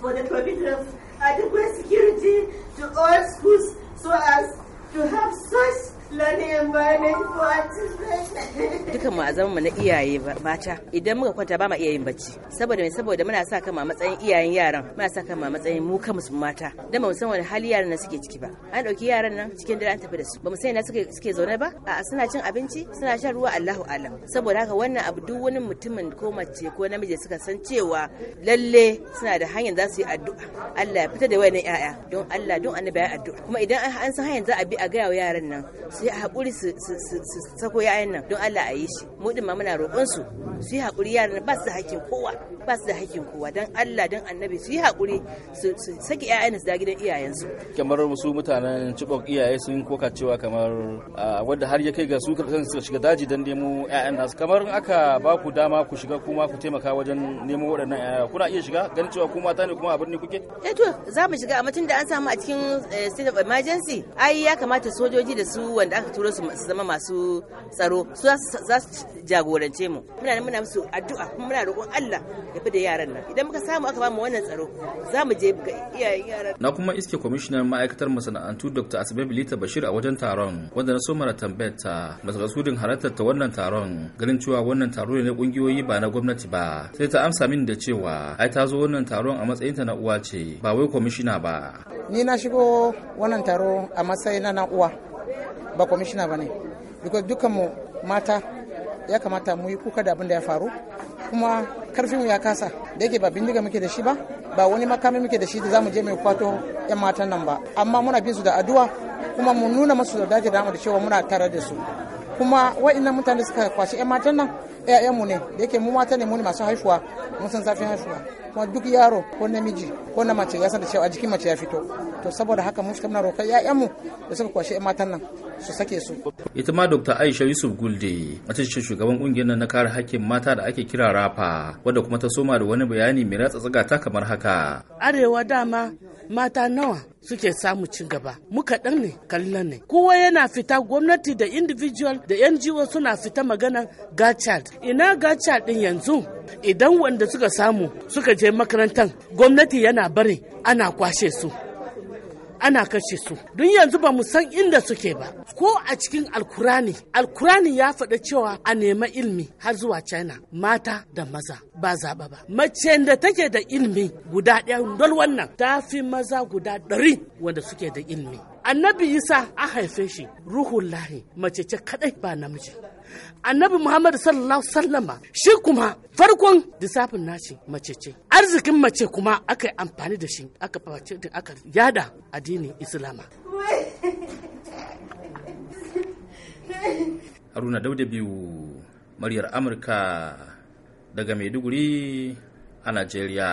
for the provision of adequate security to all schools so as to have such dukan mu a zaman na iyaye mata idan muka kwanta ba ma iya yin bacci saboda mai saboda muna sa kan matsayin iyayen yaran muna sa kan a matsayin mu kanmu su mata dan ba mu san wani hali yaran nan suke ciki ba an dauki yaran nan cikin dare an tafi da su ba mu san ina suke suke zaune ba a suna cin abinci suna shan ruwa Allahu alam saboda haka wannan abu duk wani mutumin ko mace ko namiji suka san cewa lalle suna da hanyar za su yi addu'a Allah ya fitar da wayannan yaya don Allah don annabi ya addu'a kuma idan an san hanyar za a bi a ga yaran nan su yi haƙuri su sako yayan nan don Allah a yi shi mu din ma muna roƙon su su yi haƙuri yaran ba su da hakkin kowa ba su da hakkin kowa don Allah don annabi su yi haƙuri su saki yayan su da gidan iyayensu kamar su mutanen cibok iyaye sun koka cewa kamar wanda har ya kai ga su kan su shiga daji don nemo yayan nasu kamar aka ba ku dama ku shiga kuma ku taimaka wajen nemo waɗannan yaya kuna iya shiga ganin cewa ku mata ne kuma a birni kuke eh to za mu shiga amma tun da an samu a cikin eh, state of emergency ai ya kamata sojoji da su da aka turo su zama masu tsaro su za su jagorance mu muna muna musu addu'a kuma muna roƙon Allah ya fi da yaran nan idan muka samu aka bamu wannan tsaro za mu je ga iyayen yaran na kuma iske kwamishinan ma'aikatar masana'antu Dr. Asibe Bilita Bashir a wajen taron wanda na so mara tambayar ta masakasudin halartar ta wannan taron ganin cewa wannan taro ne na kungiyoyi ba na gwamnati ba sai ta amsa min da cewa ai ta zo wannan taron a matsayin ta na uwa ce ba wai kwamishina ba ni na shigo wannan taro a matsayin na uwa ba kwamishina ba ne because dukkanmu mata ya kamata mu yi kuka da abin da ya faru kuma karfinmu ya kasa da yake ba bindiga muke da shi ba ba wani makami muke da shi da zamu je mai kwato yan matan nan ba amma muna bin su da addu'a kuma mu nuna musu da daji da da cewa muna tare da su kuma wa'annan mutane suka kwashi 'yan matan nan mu ne da yake mu mata ne mu ne masu haihuwa mun san zafin haihuwa kuma duk yaro ko namiji ko na mace ya san da cewa jikin mace ya fito to saboda haka mun muna roƙar mu da suka kwashi 'yan matan nan su sake su ita ma dr aisha yusuf gulde mace ce shugaban kungiyar nan na kare hakkin mata da ake kira rafa wadda kuma ta soma da wani bayani mai ratsa tsaga ta kamar haka arewa dama mata nawa suke samu ci gaba mu kaɗan ne kallon ne kowa yana fita gwamnati da individual da ngo suna fita maganan gachard ina gachard din yanzu idan wanda suka samu suka je makarantar gwamnati yana bari ana kwashe su ana kashe su don yanzu ba mu san inda suke ba ko a cikin alkurani alkurani ya faɗa cewa a nema ilmi har zuwa china mata da maza ba zaɓa ba mace da take da ilmi guda ɗaya dol wannan ta fi maza guda ɗari wanda suke da ilmi annabi isa an haife shi ruhun lahi mace ce kadai ba namiji annabi muhammad sallallahu sallama shi kuma farkon lissafin nashi mace ce arzikin mace kuma aka yi amfani da shi aka da aka yada addinin islama haruna dauda biyu muryar amurka daga maiduguri a najeriya